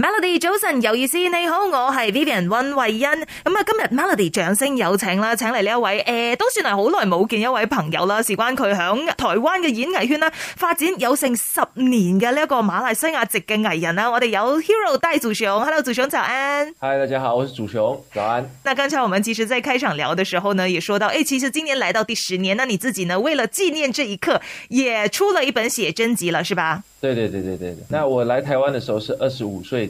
Melody 早晨有意思，你好，我係 Vivian 温慧欣。咁啊，今日 Melody 掌聲有請啦，請嚟呢一位誒、哎，都算係好耐冇見一位朋友啦。事關佢響台灣嘅演藝圈啦，發展有成十年嘅呢一個馬來西亞籍嘅藝人啦。我哋有 Hero 戴祖雄，Hello 祖雄早安。Hi 大家好，我是祖雄，早安。那剛才我們其實在開場聊嘅時候呢，也說到誒、哎，其實今年來到第十年，那你自己呢，為了紀念這一刻，也出了一本寫真集啦，是吧？對對對對對，那我來台灣的時候是二十五歲。